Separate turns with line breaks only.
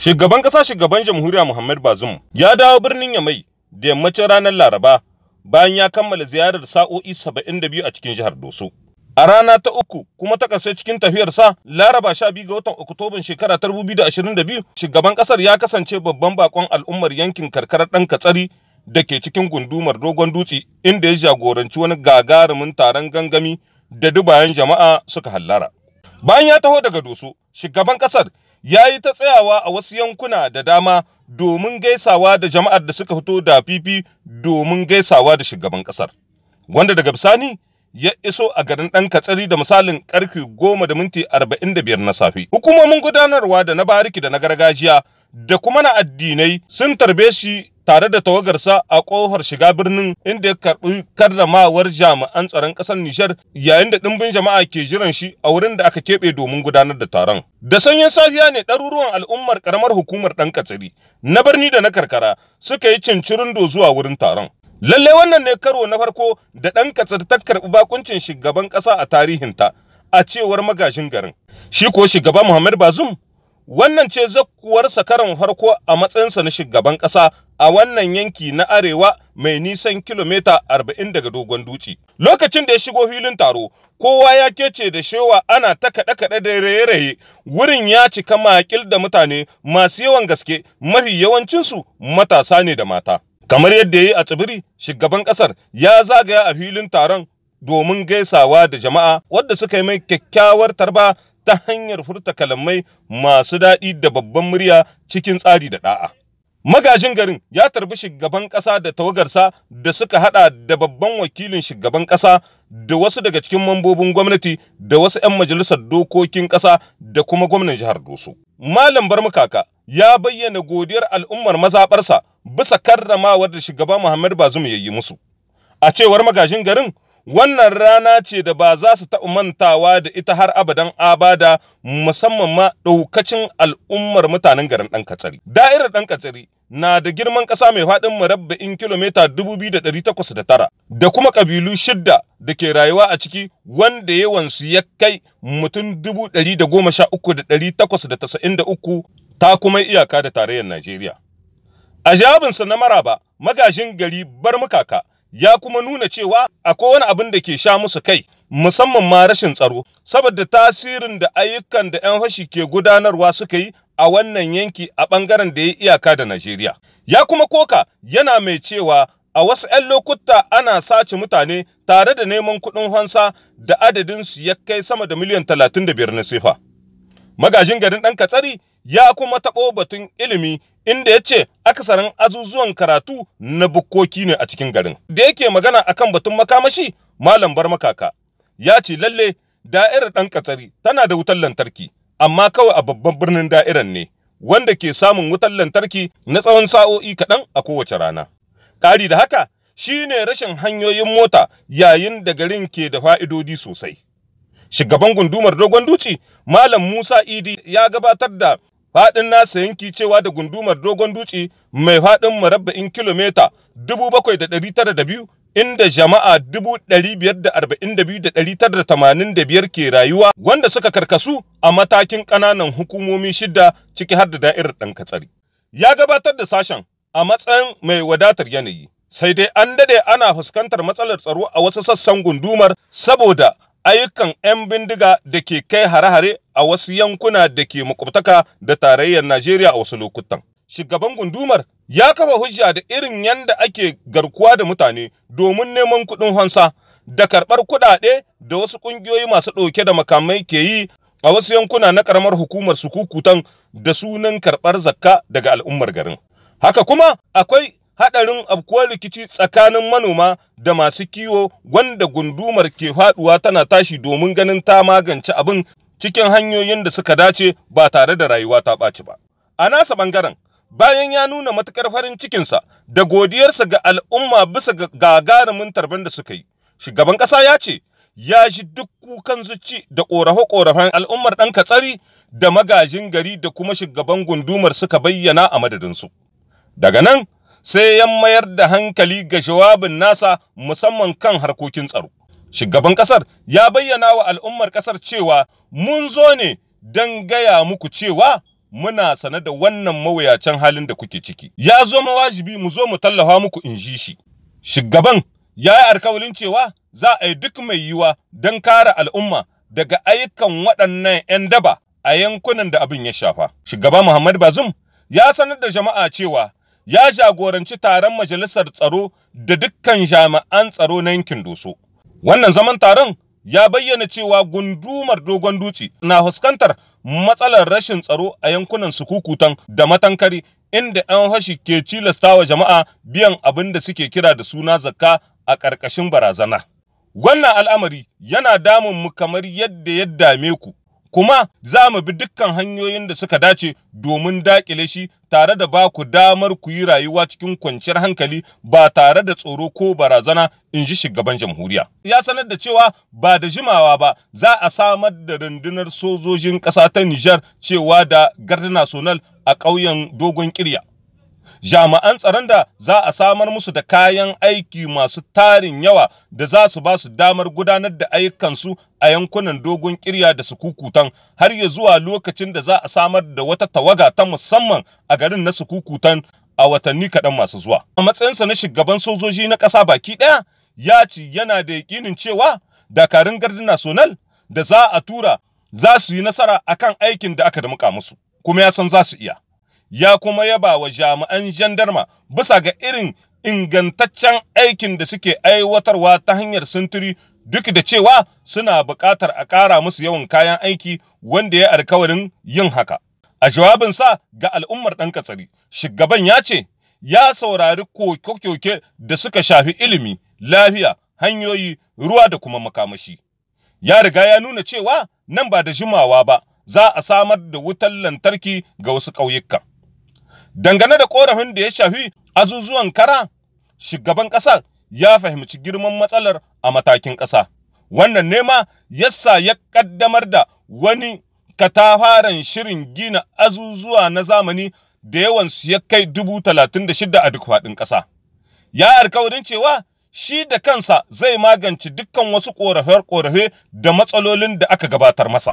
Shugaban ƙasa shugaban jamhuriya Muhammad Bazum ya dawo birnin Yamai da yammacin ranar Laraba bayan ya kammala ziyarar sa'o'i 72 a cikin jihar Doso. A rana ta uku kuma ta ƙarshe cikin tafiyarsa Laraba 12 ga watan Oktoban shekara 2022 shugaban ƙasar ya kasance babban bakon al'ummar yankin karkarar ɗan Katsari da ke cikin gundumar Dogon Dutse inda ya jagoranci wani gagarumin taron gangami da dubayen jama'a suka hallara. Bayan ya taho daga Doso, shugaban ƙasar ya yi ta tsayawa a wasu yankuna da dama domin gaisawa da jama'ar da suka fito da fifi domin gaisawa da shugaban kasar wanda daga bisani ya iso a garin ɗan katsari da misalin ƙarfe goma da minti arba'in da biyar na safe. Hukumomin gudanarwa da na bariki da na gargajiya da kuma na addinai sun tarbe shi tare da tawagarsa a kofar shiga birnin inda ya karɓi karramawar jami'an tsaron ƙasar Nijar yayin da ɗimbin jama'a ke jiran shi a wurin da aka keɓe domin gudanar da taron. Da sanyin safiya ne ɗaruruwan al'ummar ƙaramar hukumar ɗan katsiri na birni da na karkara suka yi cincirindo zuwa wurin taron. Lallai wannan ne karo na farko da ɗan katsiri ta karɓi bakuncin shugaban ƙasa a tarihinta a cewar magashin garin. Shi ko shugaba Muhammad Bazum Wannan ce zakkuwarsa karon farko a matsayinsa na shugaban ƙasa a wannan yanki na arewa mai nisan kilomita 40 daga dogon duci. Lokacin da ya shigo filin taro, kowa ya kece da shewa ana ta kaɗe-kaɗe da raye-raye, wurin ya cika makil da mutane masu yawan gaske mafi yawancinsu matasa ne da mata. Kamar yadda ya yi a tsibiri, shugaban ƙasar ya zagaya a filin taron domin gaisawa da jama'a wadda suka yi mai kyakkyawar tarba ta hanyar furta kalamai masu daɗi da babban murya cikin tsari da ɗa'a. Magajin garin ya tarbi shugaban ƙasa da tawagarsa da suka haɗa da babban wakilin shugaban ƙasa da wasu daga cikin mambobin gwamnati da wasu 'yan majalisar dokokin ƙasa da kuma gwamnan jihar Dosu. Malam Barmukaka ya bayyana godiyar al'ummar mazaɓarsa bisa karramawar da shugaba Muhammadu bazumu ya yi musu. A cewar magajin garin, Wannan rana ce da ba za su taɓa mantawa da ita har abadan abada musamman ma ɗaukacin al'ummar mutanen garin ɗan katsari. Da'irar ɗan katsari na da girman ƙasa mai faɗin murabba'in kilomita 2,809 da kuma ƙabilu shidda da ke rayuwa a ciki wanda yawansu ya kai mutum 113,893 ta kuma iyaka da tarayyar Najeriya. A jawabinsa na maraba magajin gari bar mukaka ya kuma nuna cewa akwai wani abin da ke sha musu kai musamman ma rashin tsaro saboda tasirin da ayyukan da 'yan fashi ke gudanarwa suka yi a wannan yanki a bangaren da ya iyaka da Najeriya. Ya kuma koka yana mai cewa a wasu 'yan lokuta ana sace mutane tare da neman kuɗin hansa da adadinsu ya kai sama da miliyan 35 na sifa Magajin garin ɗan Katsari ya kuma taɓo batun ilimi inda ya ce akasarin azuzuwan karatu na bukkoki ne a cikin garin. Da yake magana akan batun makamashi, Malam bar makaka, ya ce lalle da'irar ɗan katsari tana da wutar lantarki, amma kawai a babban birnin da'irar ne, wanda ke samun wutar lantarki na tsawon sa'o'i kaɗan a kowace rana. Ƙari da haka, shi ne rashin hanyoyin mota yayin da garin ke da fa'idodi sosai. Shugaban gundumar Dogon Duci, Malam Musa Idi ya gabatar da faɗin nasa yanki cewa da gundumar Dogon Duci mai faɗin murabba'in kilomita 7,902 inda jama'a 542,985 ke rayuwa wanda suka karkasu a matakin ƙananan hukumomi shida ciki har da da'irar ɗan katsari. Ya gabatar da sashen a matsayin mai wadatar yanayi. Sai dai an dade ana fuskantar matsalar tsaro a wasu sassan gundumar saboda ayyukan 'yan bindiga da ke kai hare-hare a wasu yankuna da ke makwabtaka da tarayyar Najeriya a wasu lokutan. Shugaban gundumar ya kafa hujja da irin yadda ake garkuwa da mutane domin neman kuɗin hansa da karɓar kuɗaɗe da wasu ƙungiyoyi masu ɗauke da makamai ke yi a wasu yankuna na ƙaramar hukumar sukukutan da sunan karɓar zakka daga al'ummar garin. Haka kuma akwai haɗarin afkuwar rikici tsakanin manoma da masu kiwo wanda gundumar ke faɗuwa tana tashi domin ganin ta magance abin cikin hanyoyin da suka dace ba tare da rayuwa ta ɓaci ba. A nasa ɓangaren, bayan ya nuna matuƙar farin cikinsa da godiyarsa ga al'umma bisa ga gagarumin tarban da suka yi, shugaban ƙasa ya ce, ya ji duk kukan zuci da ƙorafe-ƙorafen al'ummar ɗan katsari da magajin gari da kuma shugaban gundumar suka bayyana a madadinsu. Daga nan, sai ya mayar da hankali ga jawabin nasa musamman kan harkokin tsaro. Shugaban ƙasar ya bayyana wa al'ummar ƙasar cewa mun zo ne don gaya muku cewa muna sane da wannan mawuyacin halin da kuke ciki. Ya zo mawajibi mu zo mu tallafa muku in ji shi. Shugaban ya yi alkawalin cewa za a yi duk mai yiwa don kare al'umma daga ayyukan waɗannan 'yan daba a yankunan da abin ya shafa. Shugaba Muhammad Bazum ya sanar da jama'a cewa ya jagoranci taron majalisar tsaro da dukkan jami'an tsaro na yankin Doso. Wannan zaman taron ya bayyana cewa gundumar dogon dutse na fuskantar matsalar rashin tsaro a yankunan sukukutan da matankari inda 'yan hashi ke cilastawa jama'a biyan abin da suke kira da suna zakka a ƙarƙashin barazana. Wannan al'amari yana damun mu kamar yadda ya dame ku kuma za mu bi dukkan hanyoyin da suka dace domin daƙile shi tare da ba ku damar ku yi rayuwa cikin kwanciyar hankali ba tare da tsoro ko barazana in ji shugaban jamhuriya. Ya sanar da cewa ba da jimawa ba za a samar da rundunar sojojin ƙasa ta Nijar cewa da Garda National a ƙauyen Dogon Kirya. jami'an tsaron da za a samar musu da kayan aiki masu tarin yawa da za su ba su damar gudanar da ayyukansu a yankunan dogon kirya da sukukutan har ya zuwa lokacin da za a samar da wata tawaga ta musamman a garin na sukukutan a watanni kaɗan masu zuwa. A matsayinsa na shugaban sojoji na ƙasa baki ɗaya ya ci yana da yaƙinin cewa dakarun gardin national da za a tura za su yi nasara akan aikin da aka da muka musu kuma ya san za su iya. ya kuma yaba wa jami'an jandarma bisa ga irin ingantaccen aikin da suke aiwatarwa ta hanyar sintiri duk da cewa suna buƙatar a ƙara musu yawan kayan aiki wanda ya alkawarin yin haka. A jawabinsa ga al'ummar ɗan katsari, shugaban ya ce, ya saurari koke-koke da suka shafi ilimi, lafiya, hanyoyi, ruwa da kuma makamashi. Ya riga ya nuna cewa nan ba da jimawa ba, za a samar da wutar lantarki ga wasu ƙauyuka. Dangane da korafin da ya shafi azuzuwan kara, shugaban ƙasa ya fahimci girman matsalar a matakin ƙasa. Wannan nema yasa ya ƙaddamar da wani katafaren shirin gina azuzuwa na zamani da yawansu ya kai dubu talatin da shida a duk faɗin ƙasa. Ya alkawarin cewa shi da kansa zai magance dukkan wasu korafe ƙorafe da matsalolin da aka gabatar masa.